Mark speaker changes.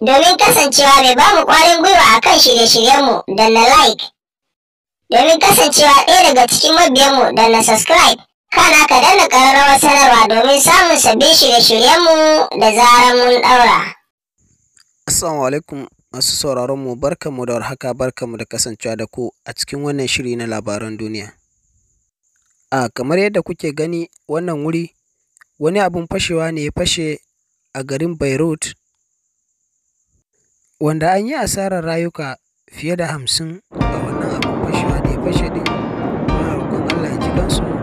Speaker 1: domin kasancewa mai bamu kwarin gwiwa a kan shirye-shiryenmu da na like. Domin kasancewa ɗaya daga cikin mabiyanmu da na subscribe, kana ka danna ƙararrawar sanarwa domin samun sabbin shirye-shiryenmu da zarar mun ɗaura.
Speaker 2: Assalamu alaikum masu sauraron mu mu da warhaka mu da kasancewa da ku a cikin wannan shiri na labaran duniya. A kamar yadda kuke gani wannan wuri wani abun fashewa ne ya fashe a garin Beirut wanda an yi asarar rayuka fiye da hamsin a wannan abin fashewa da ya fashe ɗin. Muna Allah ya ji ƙansu.